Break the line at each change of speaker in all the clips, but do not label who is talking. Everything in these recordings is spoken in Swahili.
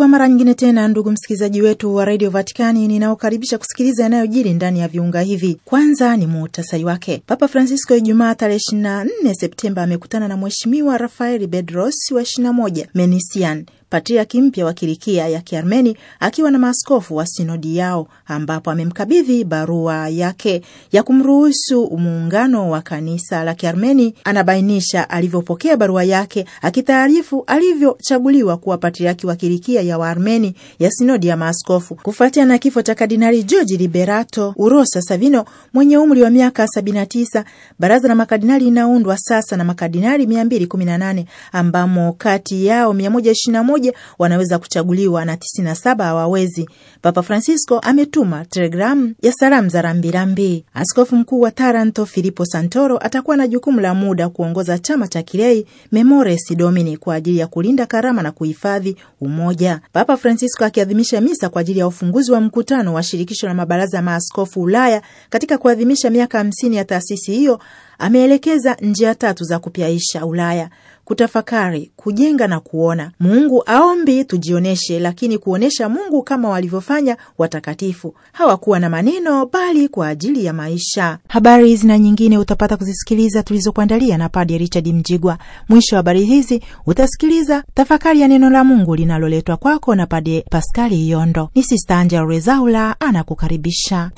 Kwa mara nyingine tena, ndugu msikilizaji wetu wa redio vaticani ninaokaribisha kusikiliza yanayojiri ndani ya viunga hivi. Kwanza ni muhtasari wake. Papa Francisco Ijumaa tarehe 24 Septemba amekutana na Mheshimiwa Rafaeli Bedros wa 21 Menisian patriaki mpya wa kirikia ya Kiarmeni akiwa na maaskofu wa sinodi yao, ambapo amemkabidhi barua yake ya kumruhusu muungano wa kanisa la Kiarmeni. Anabainisha alivyopokea barua yake akitaarifu alivyochaguliwa kuwa patriaki wa kirikia ya Waarmeni ya sinodi ya maaskofu kufuatia na kifo cha Kardinali Georgi Liberato Urosa Savino mwenye umri wa miaka 79. Baraza la makardinali linaundwa sasa na makardinali 218 ambamo kati yao 121 moja wanaweza kuchaguliwa na tisini na saba hawawezi. Papa Francisco ametuma telegramu ya salamu za rambirambi. Askofu mkuu wa Taranto Filipo Santoro atakuwa na jukumu la muda kuongoza chama cha Kirei Memores Domini kwa ajili ya kulinda karama na kuhifadhi umoja. Papa Francisco akiadhimisha misa kwa ajili ya ufunguzi wa mkutano wa shirikisho la mabaraza maaskofu Ulaya katika kuadhimisha miaka hamsini ya taasisi hiyo ameelekeza njia tatu za kupyaisha Ulaya kutafakari, kujenga na kuona. Mungu aombi tujionyeshe, lakini kuonyesha Mungu kama walivyofanya watakatifu. Hawakuwa na maneno, bali kwa ajili ya maisha. Habari hizi na nyingine utapata kuzisikiliza tulizokuandalia na Padre Richard Mjigwa. Mwisho wa habari hizi utasikiliza tafakari ya neno la Mungu linaloletwa kwako na Padre Paskali Yondo. Ni Sista Angela Rezaula anakukaribisha.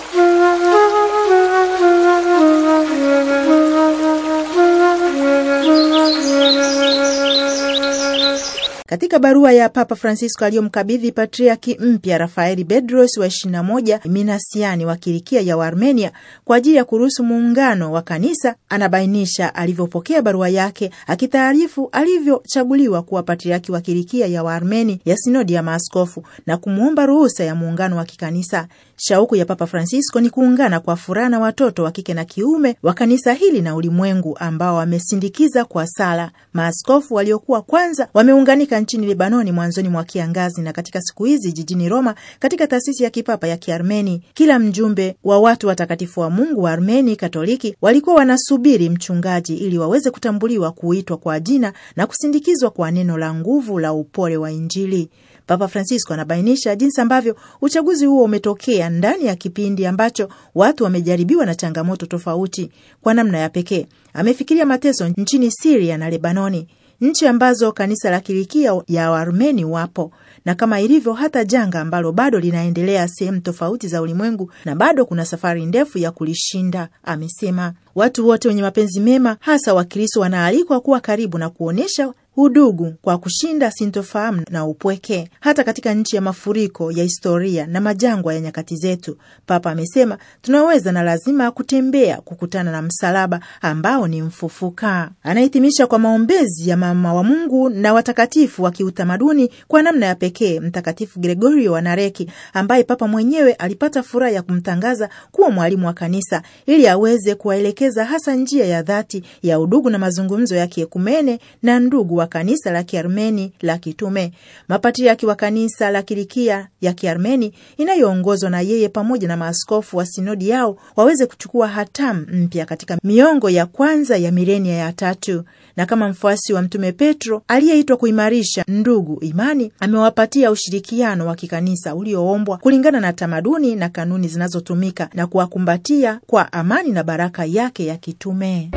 Katika barua ya Papa Francisco aliyomkabidhi patriaki mpya Rafaeli Bedros wa 21 Minasiani wa Kilikia ya Waarmenia kwa ajili ya kuruhusu muungano wa kanisa, anabainisha alivyopokea barua yake akitaarifu alivyochaguliwa kuwa patriaki wa Kilikia ya Waarmeni ya sinodi ya maaskofu na kumwomba ruhusa ya muungano wa kikanisa. Shauku ya Papa Francisco ni kuungana kwa furaha na watoto wa kike na kiume wa kanisa hili na ulimwengu ambao wamesindikiza kwa sala maaskofu waliokuwa kwanza wameunganika nchini Lebanoni mwanzoni mwa kiangazi na katika siku hizi jijini Roma katika taasisi ya kipapa ya Kiarmeni. Kila mjumbe wa watu watakatifu wa Mungu wa Armeni Katoliki walikuwa wanasubiri mchungaji ili waweze kutambuliwa, kuitwa kwa jina na kusindikizwa kwa neno la nguvu la upole wa Injili. Papa Francisco anabainisha jinsi ambavyo uchaguzi huo umetokea ndani ya kipindi ambacho watu wamejaribiwa na changamoto tofauti. Kwa namna ya pekee amefikiria mateso nchini Siria na Lebanoni nchi ambazo kanisa la Kilikia ya Waarmeni wapo na kama ilivyo hata janga ambalo bado linaendelea sehemu tofauti za ulimwengu na bado kuna safari ndefu ya kulishinda, amesema. Watu wote wenye mapenzi mema, hasa Wakristo, wanaalikwa kuwa karibu na kuonyesha udugu kwa kushinda sintofahamu na upweke. Hata katika nchi ya mafuriko ya historia na majangwa ya nyakati zetu, Papa amesema tunaweza na lazima kutembea kukutana na msalaba ambao ni mfufuka. Anahitimisha kwa maombezi ya mama wa Mungu na watakatifu wa kiutamaduni, kwa namna ya pekee Mtakatifu Gregorio wa Nareki, ambaye Papa mwenyewe alipata furaha ya kumtangaza kuwa mwalimu wa kanisa ili aweze kuwaelekeza hasa njia ya dhati ya udugu na mazungumzo ya kiekumene na ndugu wa kanisa la Kiarmeni la kitume, mapatriaki wa kanisa la Kilikia ya Kiarmeni inayoongozwa na yeye pamoja na maaskofu wa sinodi yao waweze kuchukua hatamu mpya katika miongo ya kwanza ya milenia ya tatu, na kama mfuasi wa Mtume Petro aliyeitwa kuimarisha ndugu imani, amewapatia ushirikiano wa kikanisa ulioombwa kulingana na tamaduni na kanuni zinazotumika na kuwakumbatia kwa amani na baraka yake ya kitume.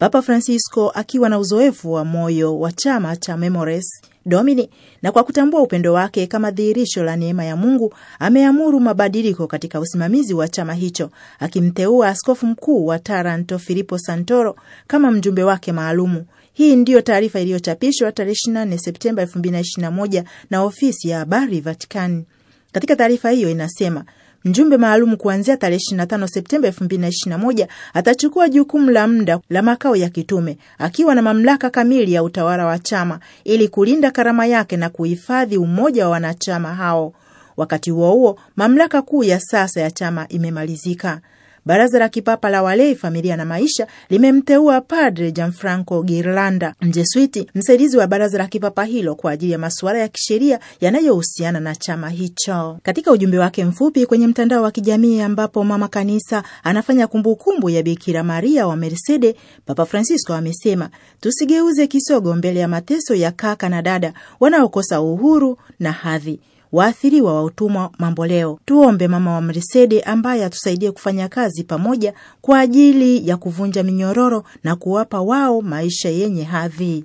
Papa Francisco akiwa na uzoefu wa moyo wa chama cha Memores Domini na kwa kutambua upendo wake kama dhihirisho la neema ya Mungu ameamuru mabadiliko katika usimamizi wa chama hicho, akimteua askofu mkuu wa Taranto Filipo Santoro kama mjumbe wake maalumu. Hii ndiyo taarifa iliyochapishwa tarehe 24 Septemba 2021 na ofisi ya habari Vatikani. Katika taarifa hiyo inasema Mjumbe maalum kuanzia tarehe 25 Septemba 2021 atachukua jukumu la muda la makao ya kitume akiwa na mamlaka kamili ya utawala wa chama ili kulinda karama yake na kuhifadhi umoja wa wanachama hao. Wakati huo huo, mamlaka kuu ya sasa ya chama imemalizika. Baraza la Kipapa la Walei, Familia na Maisha limemteua Padre Gianfranco Girlanda, Mjeswiti, msaidizi wa baraza la kipapa hilo kwa ajili ya masuala ya kisheria yanayohusiana na chama hicho. Katika ujumbe wake mfupi kwenye mtandao wa kijamii ambapo mama kanisa anafanya kumbukumbu kumbu ya Bikira Maria wa Mercede, Papa Francisco amesema tusigeuze kisogo mbele ya mateso ya kaka na dada wanaokosa uhuru na hadhi waathiriwa wa utumwa mamboleo. Tuombe mama wa Mrisede ambaye atusaidie kufanya kazi pamoja kwa ajili ya kuvunja minyororo na kuwapa wao maisha yenye hadhi.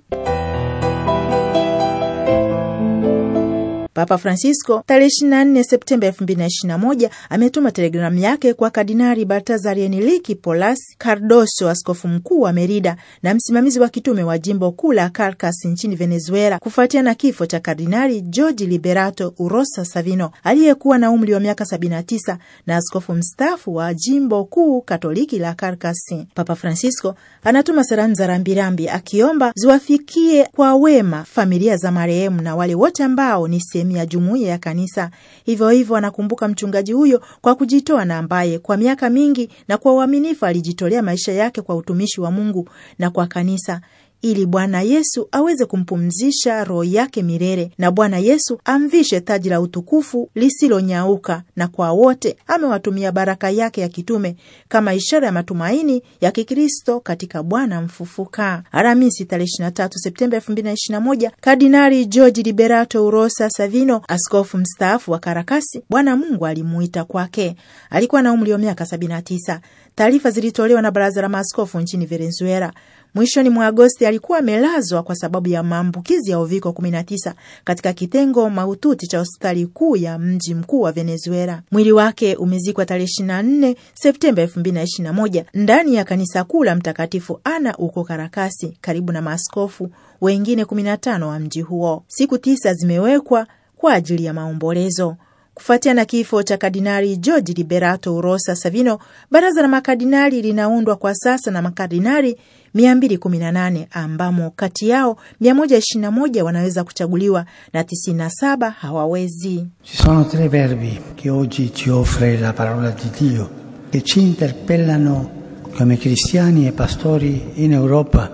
Papa Francisco tarehe 24 Septemba 2021 ametuma telegramu yake kwa Kardinali Baltazar Enrique Polas Cardoso, askofu mkuu wa Merida na msimamizi wa kitume wa jimbo kuu la Caracas nchini Venezuela, kufuatia na kifo cha Kardinali George Liberato Urosa Savino aliyekuwa na umri wa miaka 79 na askofu mstaafu wa jimbo kuu katoliki la Caracas. Papa Francisco anatuma salamu za rambirambi akiomba ziwafikie kwa wema familia za marehemu na wale wote ambao ni sehemu ya jumuiya ya kanisa. Hivyo hivyo anakumbuka mchungaji huyo kwa kujitoa na ambaye kwa miaka mingi na kwa uaminifu alijitolea maisha yake kwa utumishi wa Mungu na kwa kanisa ili Bwana Yesu aweze kumpumzisha roho yake milele na Bwana Yesu amvishe taji la utukufu lisilonyauka, na kwa wote amewatumia baraka yake ya kitume kama ishara ya matumaini ya Kikristo katika Bwana mfufuka. aramisi tarehe 23 Septemba 2021, Kardinali George Liberato Urosa Savino, askofu mstaafu wa Karakasi, Bwana Mungu alimuita kwake. Alikuwa na umri wa miaka 79. Taarifa zilitolewa na baraza la maaskofu nchini Venezuela. Mwishoni mwa Agosti alikuwa amelazwa kwa sababu ya maambukizi ya uviko 19 katika kitengo mahututi cha hospitali kuu ya mji mkuu wa Venezuela. Mwili wake umezikwa tarehe 24 Septemba 2021 ndani ya kanisa kuu la Mtakatifu Ana huko Karakasi, karibu na maaskofu wengine 15 wa mji huo. Siku tisa zimewekwa kwa ajili ya maombolezo. Kufuatia na kifo cha Kardinali George Liberato urosa Savino, baraza la makardinali linaundwa kwa sasa na makardinali 218 ambamo kati yao 121 wanaweza kuchaguliwa na 97 hawawezi.
Ci sono tre verbi che oggi ci offre la parola di Dio che ci interpellano come cristiani e pastori in Europa: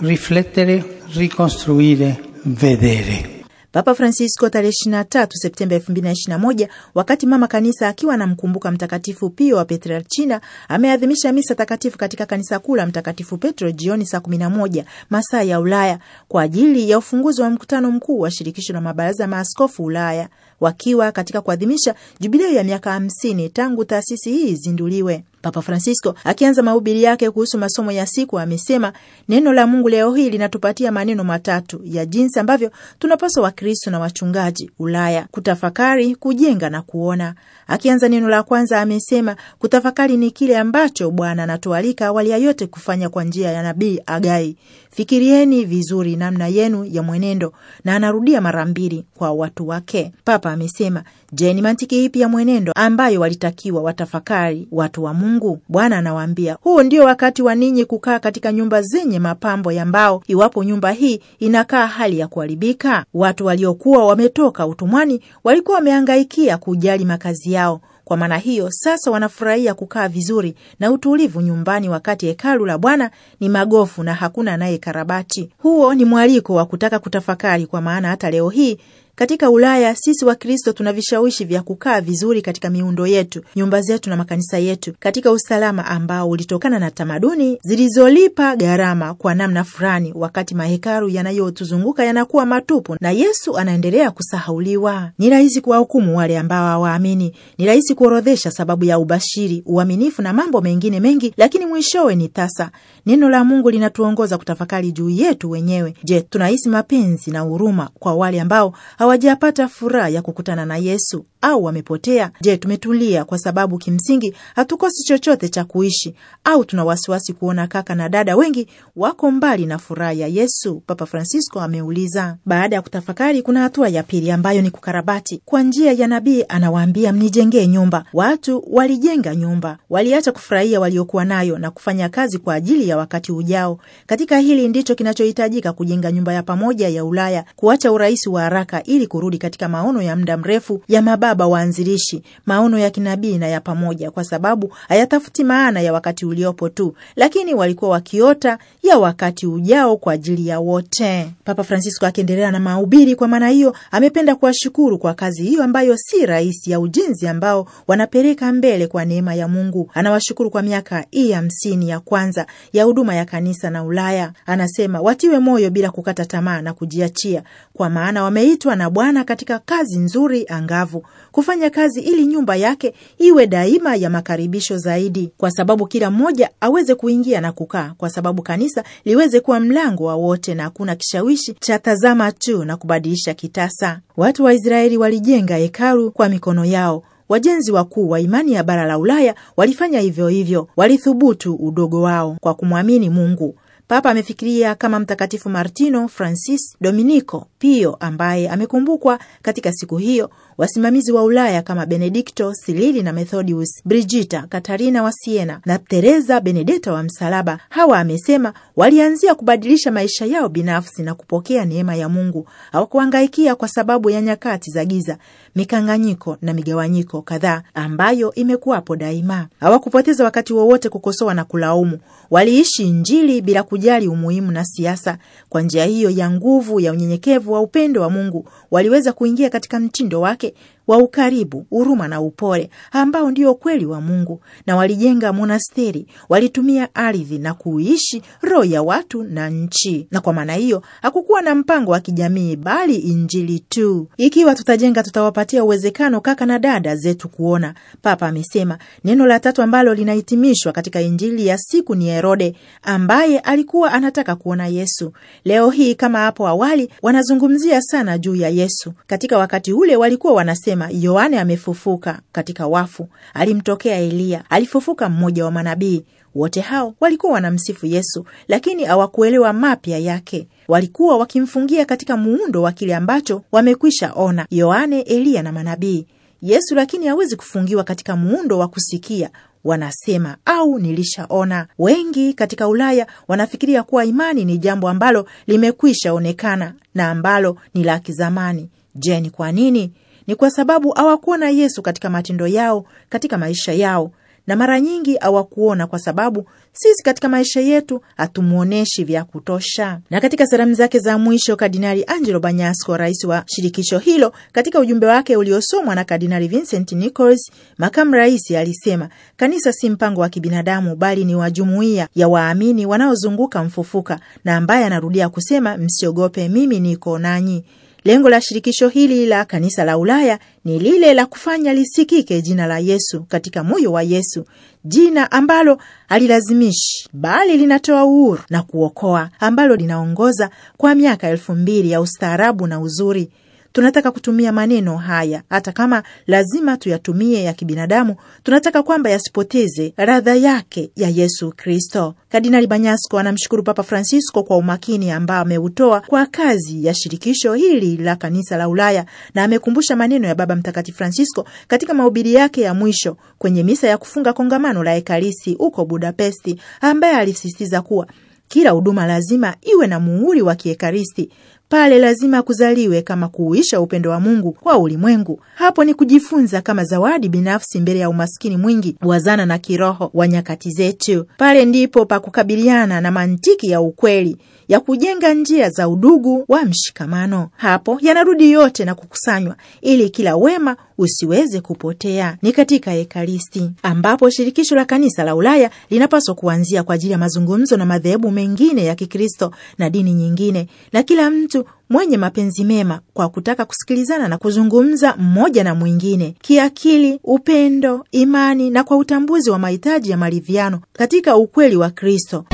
riflettere, ricostruire, vedere.
Papa Francisco tarehe 23 Septemba 2021, wakati mama kanisa akiwa anamkumbuka Mtakatifu Pio wa Petrarchina, ameadhimisha misa takatifu katika kanisa kuu la Mtakatifu Petro jioni saa 11 masaa ya Ulaya kwa ajili ya ufunguzi wa mkutano mkuu wa shirikisho la mabaraza maaskofu Ulaya, wakiwa katika kuadhimisha jubilei ya miaka 50 tangu taasisi hii izinduliwe. Papa Francisco akianza mahubiri yake kuhusu masomo ya siku amesema, neno la Mungu leo hii linatupatia maneno matatu ya jinsi ambavyo tunapaswa Wakristo na wachungaji Ulaya kutafakari, kujenga na kuona. Akianza neno la kwanza amesema, kutafakari ni kile ambacho Bwana anatualika awali ya yote kufanya kwa njia ya nabii Agai, fikirieni vizuri namna yenu ya mwenendo, na anarudia mara mbili kwa watu wake. Papa amesema Je, ni mantiki ipi ya mwenendo ambayo walitakiwa watafakari watu wa Mungu? Bwana anawaambia, huu ndio wakati wa ninyi kukaa katika nyumba zenye mapambo ya mbao, iwapo nyumba hii inakaa hali ya kuharibika. Watu waliokuwa wametoka utumwani walikuwa wameangaikia kujali makazi yao. Kwa maana hiyo sasa wanafurahia kukaa vizuri na utulivu nyumbani, wakati hekalu la Bwana ni magofu na hakuna karabati Huo ni mwaliko wa kutaka kutafakari, kwa maana hata leo hii katika Ulaya sisi Wakristo tuna vishawishi vya kukaa vizuri katika miundo yetu, nyumba zetu na makanisa yetu, katika usalama ambao ulitokana na tamaduni zilizolipa gharama kwa namna fulani, wakati mahekalu yanayotuzunguka yanakuwa matupu na Yesu anaendelea kusahauliwa. Ni rahisi kuwahukumu wale ambao hawaamini, ni rahisi kuorodhesha sababu ya ubashiri, uaminifu na mambo mengine mengi, lakini mwishowe ni tasa. Neno la Mungu linatuongoza kutafakari juu yetu wenyewe. Je, tunahisi mapenzi na huruma kwa wale ambao hawa hawajapata furaha ya kukutana na Yesu au wamepotea? Je, tumetulia kwa sababu kimsingi hatukosi chochote cha kuishi, au tuna wasiwasi kuona kaka na dada wengi wako mbali na furaha ya Yesu? Papa Francisco ameuliza. Baada ya kutafakari, kuna hatua ya pili ambayo ni kukarabati. Kwa njia ya nabii anawaambia, mnijengee nyumba. Watu walijenga nyumba, waliacha kufurahia waliokuwa nayo na kufanya kazi kwa ajili ya wakati ujao. Katika hili ndicho kinachohitajika kujenga nyumba ya pamoja ya Ulaya, kuacha urahisi wa haraka ili kurudi katika maono ya muda mrefu ya mababa waanzilishi, maono ya kinabii na ya pamoja, kwa sababu hayatafuti maana ya wakati uliopo tu, lakini walikuwa wakiota ya wakati ujao kwa ajili ya wote. Papa Francisco akiendelea na mahubiri, kwa maana hiyo amependa kuwashukuru kwa kazi hiyo ambayo si rahisi ya ujenzi ambao wanapeleka mbele kwa neema ya Mungu. Anawashukuru kwa miaka hii hamsini ya kwanza ya huduma ya kanisa na Ulaya. Anasema watiwe moyo bila kukata tamaa na kujiachia, kwa maana wameitwa na Bwana katika kazi nzuri angavu, kufanya kazi ili nyumba yake iwe daima ya makaribisho zaidi, kwa sababu kila mmoja aweze kuingia na kukaa, kwa sababu kanisa liweze kuwa mlango wa wote na hakuna kishawishi cha tazama tu na kubadilisha kitasa. Watu wa Israeli walijenga hekalu kwa mikono yao. Wajenzi wakuu wa imani ya bara la Ulaya walifanya hivyo hivyo, walithubutu udogo wao kwa kumwamini Mungu. Papa amefikiria kama Mtakatifu Martino, Francis, Dominico, Pio ambaye amekumbukwa katika siku hiyo, wasimamizi wa Ulaya kama Benedikto, Silili na Methodius, Brigita, Katarina wa Siena na Teresa Benedeta wa Msalaba. Hawa amesema walianzia kubadilisha maisha yao binafsi na kupokea neema ya Mungu. Hawakuhangaikia kwa sababu ya nyakati za giza, mikanganyiko na migawanyiko kadhaa ambayo imekuwapo daima. Hawakupoteza wakati wowote kukosoa na kulaumu, waliishi Injili bila ku kujali umuhimu na siasa. Kwa njia hiyo ya nguvu ya unyenyekevu wa upendo wa Mungu, waliweza kuingia katika mtindo wake wa ukaribu, huruma na upole ambao ndio kweli wa Mungu, na walijenga monasteri, walitumia ardhi na kuishi roho ya watu na nchi. Na kwa maana hiyo hakukuwa na mpango wa kijamii, bali injili tu. Ikiwa tutajenga, tutawapatia uwezekano kaka na dada zetu kuona, Papa amesema. Neno la tatu ambalo linahitimishwa katika injili ya siku ni Herode, ambaye alikuwa anataka kuona Yesu. Leo hii kama hapo awali, wanazungumzia sana juu ya Yesu. Katika wakati ule walikuwa wanasema anasema Yohane amefufuka katika wafu, alimtokea Eliya, alifufuka mmoja wa manabii. Wote hao walikuwa wanamsifu Yesu, lakini hawakuelewa mapya yake. Walikuwa wakimfungia katika muundo wa kile ambacho wamekwisha ona Yohane, Eliya na manabii. Yesu lakini hawezi kufungiwa katika muundo wa kusikia wanasema au nilishaona. Wengi katika Ulaya wanafikiria kuwa imani ni jambo ambalo limekwisha onekana na ambalo ni la kizamani. Je, ni kwa nini? ni kwa sababu hawakuona Yesu katika matendo yao, katika maisha yao, na mara nyingi hawakuona kwa sababu sisi katika maisha yetu hatumwoneshi vya kutosha. Na katika salamu zake za mwisho, Kardinali Angelo Banyasco, rais wa shirikisho hilo, katika ujumbe wake uliosomwa na Kardinali Vincent Nichols, makamu rais, alisema kanisa si mpango wa kibinadamu, bali ni wa jumuiya ya waamini wanaozunguka mfufuka, na ambaye anarudia kusema msiogope, mimi niko nanyi. Lengo la shirikisho hili la kanisa la Ulaya ni lile la kufanya lisikike jina la Yesu katika moyo wa Yesu, jina ambalo halilazimishi bali linatoa uhuru na kuokoa, ambalo linaongoza kwa miaka elfu mbili ya ustaarabu na uzuri tunataka kutumia maneno haya, hata kama lazima tuyatumie ya kibinadamu, tunataka kwamba yasipoteze radha yake ya Yesu Kristo. Kardinali banyasco anamshukuru Papa Francisco kwa umakini ambao ameutoa kwa kazi ya shirikisho hili la kanisa la Ulaya, na amekumbusha maneno ya Baba Mtakatifu Francisco katika mahubiri yake ya mwisho kwenye misa ya kufunga kongamano la Ekaristi huko Budapesti, ambaye alisisitiza kuwa kila huduma lazima iwe na muhuri wa kiekaristi pale lazima kuzaliwe kama kuuisha upendo wa Mungu kwa ulimwengu. Hapo ni kujifunza kama zawadi binafsi mbele ya umaskini mwingi wa zana na kiroho wa nyakati zetu. Pale ndipo pa kukabiliana na mantiki ya ukweli ya kujenga njia za udugu wa mshikamano. Hapo yanarudi yote na kukusanywa ili kila wema usiweze kupotea ni katika Ekaristi, ambapo shirikisho la kanisa la Ulaya linapaswa kuanzia kwa ajili ya mazungumzo na madhehebu mengine ya Kikristo na dini nyingine, na kila mtu mwenye mapenzi mema kwa kutaka kusikilizana na kuzungumza mmoja na mwingine kiakili, upendo, imani na kwa utambuzi wa mahitaji ya maridhiano katika ukweli wa Kristo.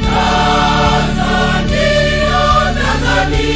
Tanzania, Tanzania.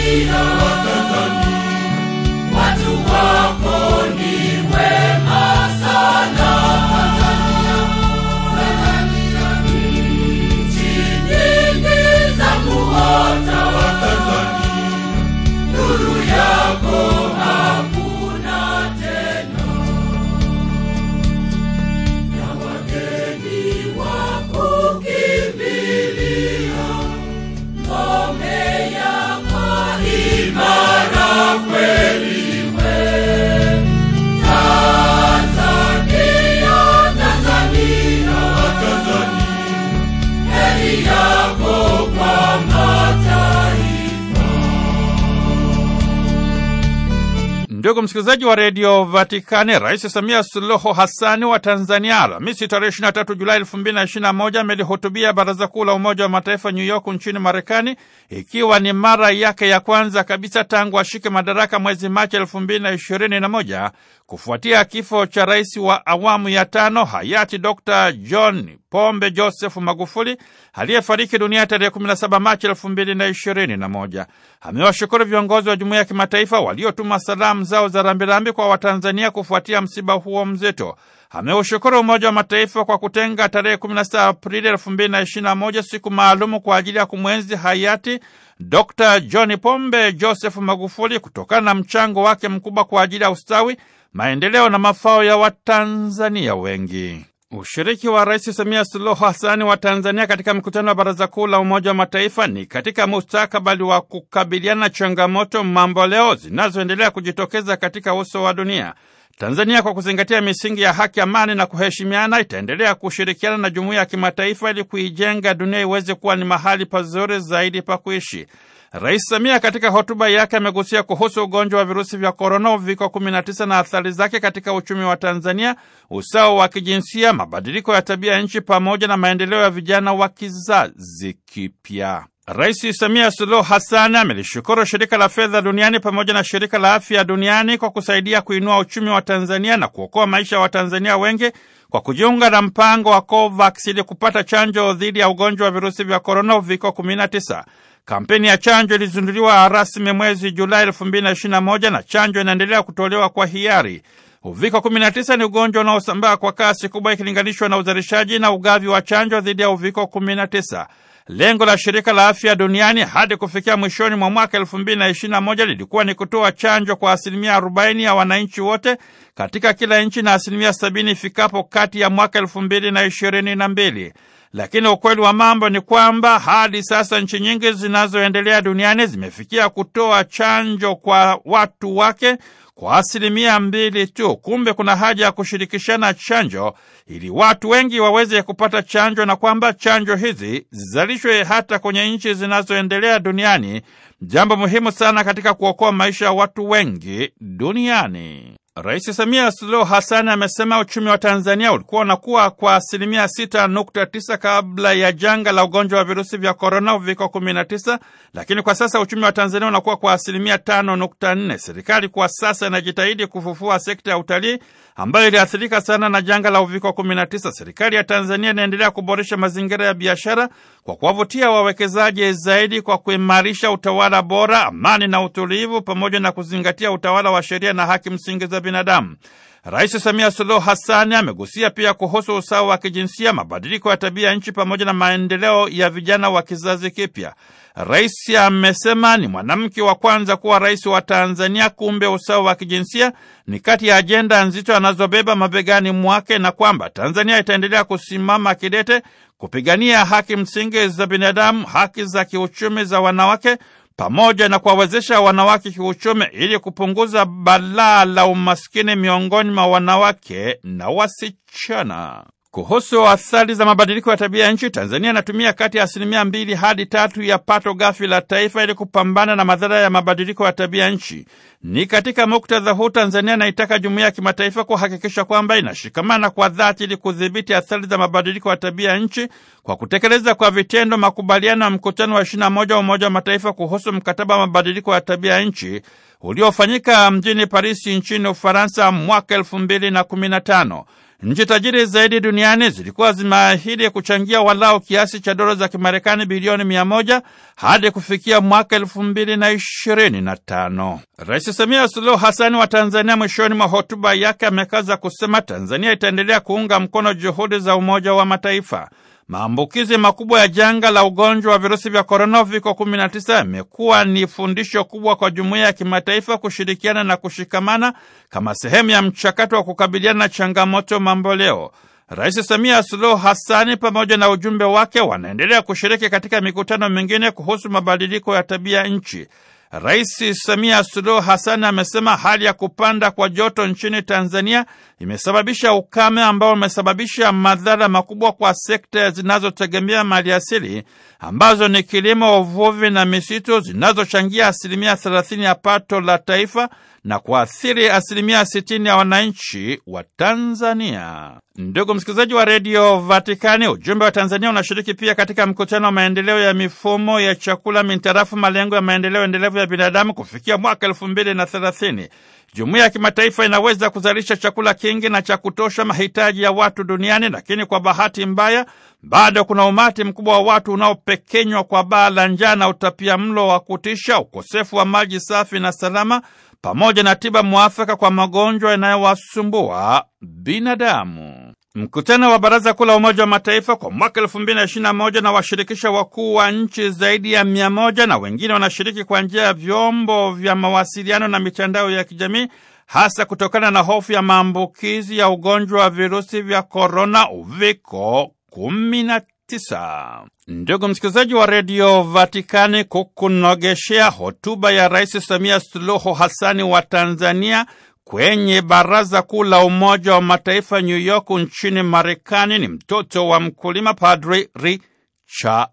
Ndugu msikilizaji wa redio Vatikani, Rais Samia Suluhu hasani wa Tanzania Alhamisi tarehe 23 Julai 2021 amelihutubia Baraza Kuu la Umoja wa Mataifa New York nchini Marekani, ikiwa ni mara yake ya kwanza kabisa tangu ashike madaraka mwezi Machi 2021 kufuatia kifo cha rais wa awamu ya tano hayati Dr John Pombe Joseph Magufuli aliyefariki dunia tarehe 17 Machi 2021. Amewashukuru viongozi wa jumuiya ya kimataifa waliotuma salamu zao za rambirambi kwa Watanzania kufuatia msiba huo mzito. Ameushukuru Umoja wa Mataifa kwa kutenga tarehe 16 Aprili 2021 siku maalumu kwa ajili ya kumwenzi hayati Dr John Pombe Joseph Magufuli kutokana na mchango wake mkubwa kwa ajili ya ustawi maendeleo na mafao ya Watanzania wengi. Ushiriki wa Rais Samia Suluhu Hasani wa Tanzania katika mkutano wa Baraza Kuu la Umoja wa Mataifa ni katika mustakabali wa kukabiliana na changamoto mambo leo zinazoendelea kujitokeza katika uso wa dunia. Tanzania kwa kuzingatia misingi ya haki, amani na kuheshimiana itaendelea kushirikiana na jumuiya ya kimataifa ili kuijenga dunia iweze kuwa ni mahali pazuri zaidi pa kuishi. Rais Samia katika hotuba yake amegusia kuhusu ugonjwa wa virusi vya korona, uviko 19 na athari zake katika uchumi wa Tanzania, usawa wa kijinsia, mabadiliko ya tabia nchi, pamoja na maendeleo ya vijana wa kizazi kipya. Rais Samia Suluhu Hassan amelishukuru shirika la fedha duniani pamoja na shirika la afya duniani kwa kusaidia kuinua uchumi wa Tanzania na kuokoa maisha ya Watanzania wengi kwa kujiunga na mpango wa COVAX ili kupata chanjo dhidi ya ugonjwa wa virusi vya korona uviko 19. Kampeni ya chanjo ilizinduliwa rasmi mwezi Julai 2021 na chanjo inaendelea kutolewa kwa hiari. Uviko 19 ni ugonjwa unaosambaa kwa kasi kubwa ikilinganishwa na uzalishaji na ugavi wa chanjo dhidi ya uviko 19. Lengo la shirika la afya duniani hadi kufikia mwishoni mwa mwaka 2021 lilikuwa ni kutoa chanjo kwa asilimia 40 ya wananchi wote katika kila nchi na asilimia 70 ifikapo kati ya mwaka 2022. Lakini ukweli wa mambo ni kwamba hadi sasa nchi nyingi zinazoendelea duniani zimefikia kutoa chanjo kwa watu wake kwa asilimia mbili tu. Kumbe kuna haja ya kushirikishana chanjo ili watu wengi waweze kupata chanjo, na kwamba chanjo hizi zizalishwe hata kwenye nchi zinazoendelea duniani, jambo muhimu sana katika kuokoa maisha ya watu wengi duniani. Rais Samia Suluhu Hassan amesema uchumi wa Tanzania ulikuwa unakuwa kwa asilimia 6.9 kabla ya janga la ugonjwa wa virusi vya korona uviko 19, lakini kwa sasa uchumi wa Tanzania unakuwa kwa asilimia 5.4. Serikali kwa sasa inajitahidi kufufua sekta ya utalii ambayo iliathirika sana na janga la uviko 19, serikali ya Tanzania inaendelea kuboresha mazingira ya biashara kwa kuwavutia wawekezaji zaidi kwa kuimarisha utawala bora, amani na utulivu, pamoja na kuzingatia utawala wa sheria na haki msingi za binadamu. Rais Samia Suluhu Hasani amegusia pia kuhusu usawa wa kijinsia, mabadiliko ya tabia ya nchi pamoja na maendeleo ya vijana wa kizazi kipya. Rais amesema ni mwanamke wa kwanza kuwa rais wa Tanzania, kumbe usawa wa kijinsia ni kati ya ajenda nzito anazobeba mabegani mwake, na kwamba Tanzania itaendelea kusimama kidete kupigania haki msingi za binadamu, haki za kiuchumi za wanawake pamoja na kuwawezesha wanawake kiuchumi ili kupunguza balaa la umaskini miongoni mwa wanawake na wasichana. Kuhusu athari za mabadiliko ya tabia ya nchi, Tanzania inatumia kati ya asilimia mbili hadi tatu ya pato ghafi la taifa ili kupambana na madhara ya mabadiliko ya tabia nchi. Ni katika muktadha huu Tanzania inaitaka jumuiya ya kimataifa kuhakikisha kwamba inashikamana kwa dhati ili kudhibiti athari za mabadiliko ya tabia nchi kwa kutekeleza kwa vitendo makubaliano ya mkutano wa 21 wa Umoja wa Mataifa kuhusu mkataba wa mabadiliko ya tabia ya nchi uliofanyika mjini Parisi nchini Ufaransa mwaka elfu mbili na kumi na tano. Nchi tajiri zaidi duniani zilikuwa zimeahidi kuchangia walau kiasi cha dola za Kimarekani bilioni mia moja hadi kufikia mwaka elfu mbili na ishirini na tano. Rais Samia Suluhu Hasani wa Tanzania mwishoni mwa hotuba yake amekaza kusema Tanzania itaendelea kuunga mkono juhudi za Umoja wa Mataifa. Maambukizi makubwa ya janga la ugonjwa wa virusi vya korona uviko 19 yamekuwa ni fundisho kubwa kwa jumuiya ya kimataifa kushirikiana na kushikamana kama sehemu ya mchakato wa kukabiliana na changamoto mamboleo. Rais Samia Suluhu Hassani pamoja na ujumbe wake wanaendelea kushiriki katika mikutano mingine kuhusu mabadiliko ya tabia nchi. Rais Samia Suluhu Hassan amesema hali ya kupanda kwa joto nchini Tanzania imesababisha ukame ambao umesababisha madhara makubwa kwa sekta zinazotegemea maliasili ambazo ni kilimo, uvuvi na misitu zinazochangia asilimia thelathini ya pato la taifa na kuathiri asilimia 60 ya wananchi wa Tanzania. Ndugu msikilizaji wa redio Vatikani, ujumbe wa Tanzania unashiriki pia katika mkutano wa maendeleo ya mifumo ya chakula mintarafu malengo ya maendeleo endelevu ya binadamu kufikia mwaka elfu mbili na thelathini. Jumuiya ya kimataifa inaweza kuzalisha chakula kingi na cha kutosha mahitaji ya watu duniani, lakini kwa bahati mbaya bado kuna umati mkubwa wa watu unaopekenywa kwa baa la njaa na utapia mlo wa kutisha, ukosefu wa maji safi na salama, pamoja na tiba mwafaka kwa magonjwa yanayowasumbua binadamu. Mkutano wa Baraza Kuu la Umoja wa Mataifa kwa mwaka elfu mbili na ishirini na moja na washirikisha wakuu wa nchi zaidi ya mia moja na wengine wanashiriki kwa njia ya vyombo vya mawasiliano na mitandao ya kijamii hasa kutokana na hofu ya maambukizi ya ugonjwa wa virusi vya korona uviko 19 tisa. Ndugu msikilizaji wa redio Vatikani, kukunogeshea hotuba ya Rais Samia Suluhu Hasani wa Tanzania kwenye Baraza Kuu la Umoja wa Mataifa New York nchini Marekani ni mtoto wa mkulima Padri Richard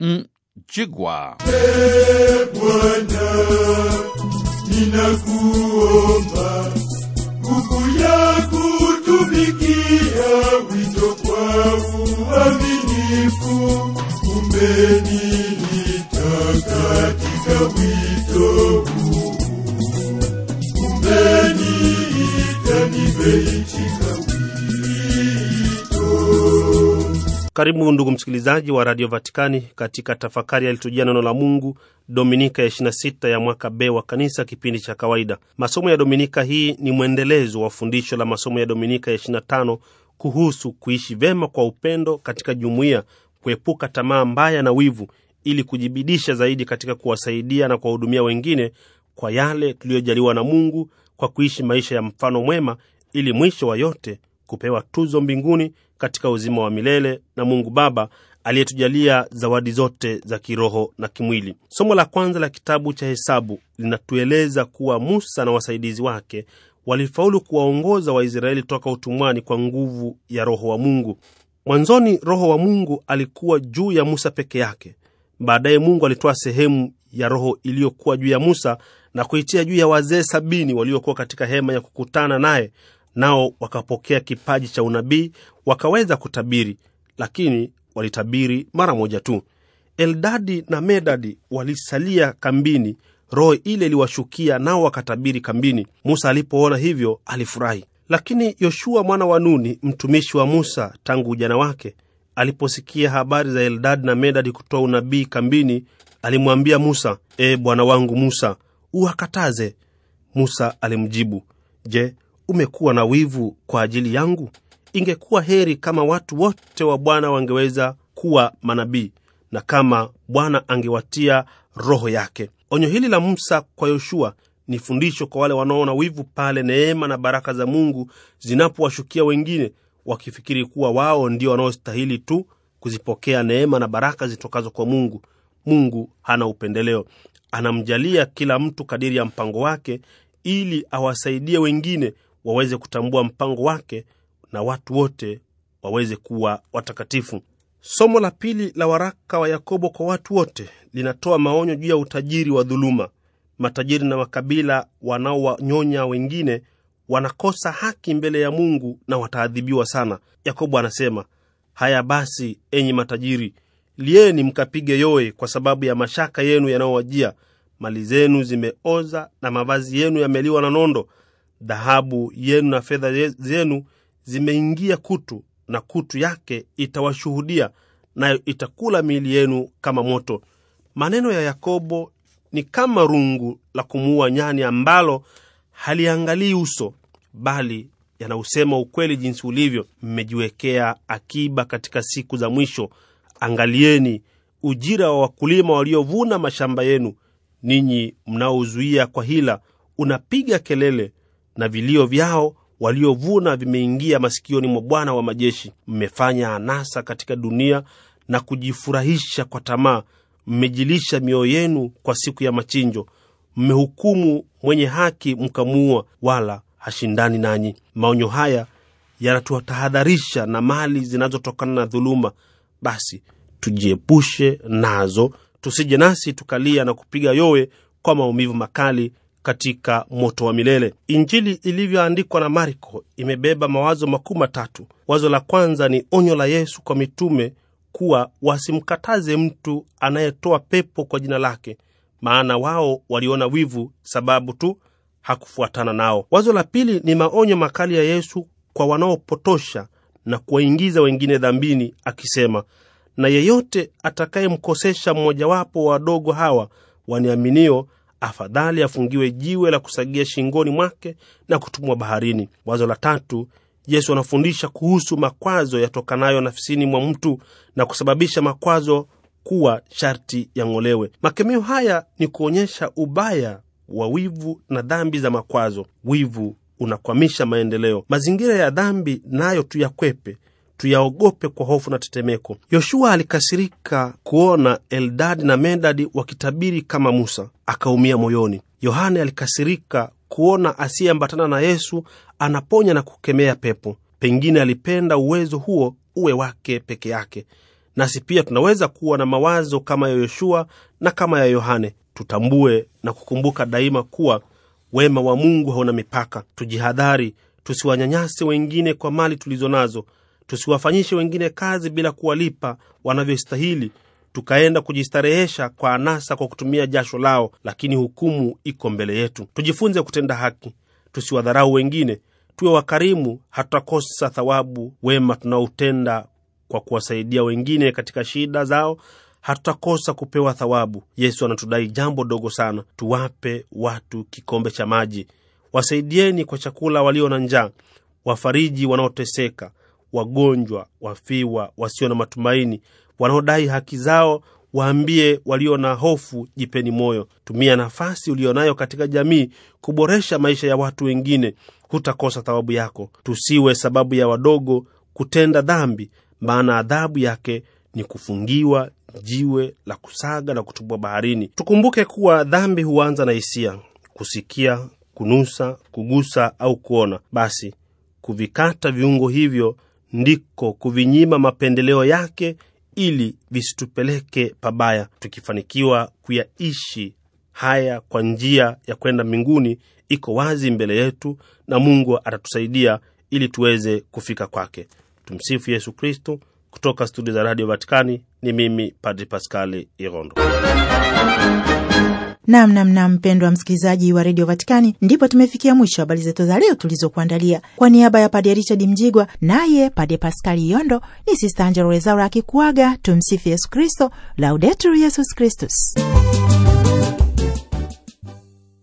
Mjigwa.
Hey, ninakuomba mtakatifu, kumbeni nitaka katika
wito huu, kumbeni itanibeitika
Karibu ndugu msikilizaji wa Radio Vatikani katika tafakari yalitujia neno la Mungu, Dominika ya 26 ya mwaka B wa Kanisa, kipindi cha kawaida. Masomo ya Dominika hii ni mwendelezo wa fundisho la masomo ya Dominika ya 25 kuhusu kuishi vema kwa upendo katika jumuiya, kuepuka tamaa mbaya na wivu, ili kujibidisha zaidi katika kuwasaidia na kuwahudumia wengine kwa yale tuliyojaliwa na Mungu, kwa kuishi maisha ya mfano mwema, ili mwisho wa yote kupewa tuzo mbinguni katika uzima wa milele na Mungu Baba aliyetujalia zawadi zote za kiroho na kimwili. Somo la kwanza la kitabu cha Hesabu linatueleza kuwa Musa na wasaidizi wake walifaulu kuwaongoza Waisraeli toka utumwani kwa nguvu ya Roho wa Mungu. Mwanzoni Roho wa Mungu alikuwa juu ya Musa peke yake. Baadaye Mungu alitoa sehemu ya Roho iliyokuwa juu ya Musa na kuitia juu ya wazee sabini waliokuwa katika hema ya kukutana naye, nao wakapokea kipaji cha unabii, wakaweza kutabiri, lakini walitabiri mara moja tu. Eldadi na Medadi walisalia kambini roho ile iliwashukia nao wakatabiri kambini. Musa alipoona hivyo alifurahi. Lakini Yoshua mwana wa Nuni, mtumishi wa Musa tangu ujana wake, aliposikia habari za Eldad na Medad kutoa unabii kambini, alimwambia Musa, e bwana wangu Musa, uwakataze. Musa alimjibu, je, umekuwa na wivu kwa ajili yangu? Ingekuwa heri kama watu wote wa Bwana wangeweza kuwa manabii na kama Bwana angewatia roho yake. Onyo hili la Musa kwa Yoshua ni fundisho kwa wale wanaona wivu pale neema na baraka za Mungu zinapowashukia wengine, wakifikiri kuwa wao ndio wanaostahili tu kuzipokea neema na baraka zitokazo kwa Mungu. Mungu hana upendeleo, anamjalia kila mtu kadiri ya mpango wake, ili awasaidie wengine waweze kutambua mpango wake na watu wote waweze kuwa watakatifu. Somo la pili la waraka wa Yakobo kwa watu wote linatoa maonyo juu ya utajiri wa dhuluma. Matajiri na makabila wanaowanyonya wengine wanakosa haki mbele ya Mungu na wataadhibiwa sana. Yakobo anasema, haya basi, enyi matajiri, lieni mkapige yoe kwa sababu ya mashaka yenu yanayowajia. Mali zenu zimeoza na mavazi yenu yameliwa na nondo. Dhahabu yenu na fedha zenu zimeingia kutu na kutu yake itawashuhudia, nayo itakula miili yenu kama moto. Maneno ya Yakobo ni kama rungu la kumuua nyani ambalo haliangalii uso, bali yanausema ukweli jinsi ulivyo. Mmejiwekea akiba katika siku za mwisho. Angalieni ujira wa wakulima waliovuna mashamba yenu. Ninyi mnaouzuia kwa hila, unapiga kelele na vilio vyao waliovuna vimeingia masikioni mwa Bwana wa majeshi. Mmefanya anasa katika dunia na kujifurahisha kwa tamaa, mmejilisha mioyo yenu kwa siku ya machinjo. Mmehukumu mwenye haki mkamuua, wala hashindani nanyi. Maonyo haya yanatutahadharisha na mali zinazotokana na dhuluma, basi tujiepushe nazo, tusije nasi tukalia na kupiga yowe kwa maumivu makali katika moto wa milele. Injili ilivyoandikwa na Marko imebeba mawazo makuu matatu. Wazo la kwanza ni onyo la Yesu kwa mitume kuwa wasimkataze mtu anayetoa pepo kwa jina lake, maana wao waliona wivu sababu tu hakufuatana nao. Wazo la pili ni maonyo makali ya Yesu kwa wanaopotosha na kuwaingiza wengine dhambini, akisema, na yeyote atakayemkosesha mmojawapo wa wadogo hawa waniaminio afadhali afungiwe jiwe la kusagia shingoni mwake na kutumwa baharini. Wazo la tatu, Yesu anafundisha kuhusu makwazo yatokanayo nafsini mwa mtu na kusababisha makwazo kuwa sharti yang'olewe. Makemeo haya ni kuonyesha ubaya wa wivu na dhambi za makwazo. Wivu unakwamisha maendeleo. Mazingira ya dhambi nayo tuyakwepe, tuyaogope kwa hofu na tetemeko. Yoshua alikasirika kuona Eldadi na Medadi wakitabiri kama Musa, akaumia moyoni. Yohane alikasirika kuona asiyeambatana na Yesu anaponya na kukemea pepo. Pengine alipenda uwezo huo uwe wake peke yake. Nasi pia tunaweza kuwa na mawazo kama ya Yoshua na kama ya Yohane. Tutambue na kukumbuka daima kuwa wema wa Mungu hauna mipaka. Tujihadhari tusiwanyanyase wengine kwa mali tulizo nazo, tusiwafanyishe wengine kazi bila kuwalipa wanavyostahili, tukaenda kujistarehesha kwa anasa kwa kutumia jasho lao, lakini hukumu iko mbele yetu. Tujifunze kutenda haki, tusiwadharau wengine, tuwe wakarimu, hatutakosa thawabu. Wema tunaotenda kwa kuwasaidia wengine katika shida zao hatutakosa kupewa thawabu. Yesu anatudai jambo dogo sana, tuwape watu kikombe cha maji, wasaidieni kwa chakula walio na njaa, wafariji wanaoteseka, wagonjwa, wafiwa, wasio na matumaini, wanaodai haki zao. Waambie walio na hofu, jipeni moyo. Tumia nafasi ulionayo katika jamii kuboresha maisha ya watu wengine, hutakosa thawabu yako. Tusiwe sababu ya wadogo kutenda dhambi, maana adhabu yake ni kufungiwa jiwe la kusaga na kutupwa baharini. Tukumbuke kuwa dhambi huanza na hisia: kusikia, kunusa, kugusa au kuona. Basi kuvikata viungo hivyo ndiko kuvinyima mapendeleo yake ili visitupeleke pabaya, tukifanikiwa kuyaishi haya kwa njia ya kwenda mbinguni iko wazi mbele yetu, na Mungu atatusaidia ili tuweze kufika kwake. Tumsifu Yesu Kristo. Kutoka studio za Radio Vatikani ni mimi Padri Paskali Irondo
namnamna mpendwa msikilizaji wa redio Vatikani, ndipo tumefikia mwisho habari zetu za leo tulizokuandalia. Kwa niaba ya Pade Richard Mjigwa naye Pade Paskali Yondo, ni Sista Angelo Rezaura akikuaga. Tumsifu Yesu Kristo, Laudetur Yesus Kristus.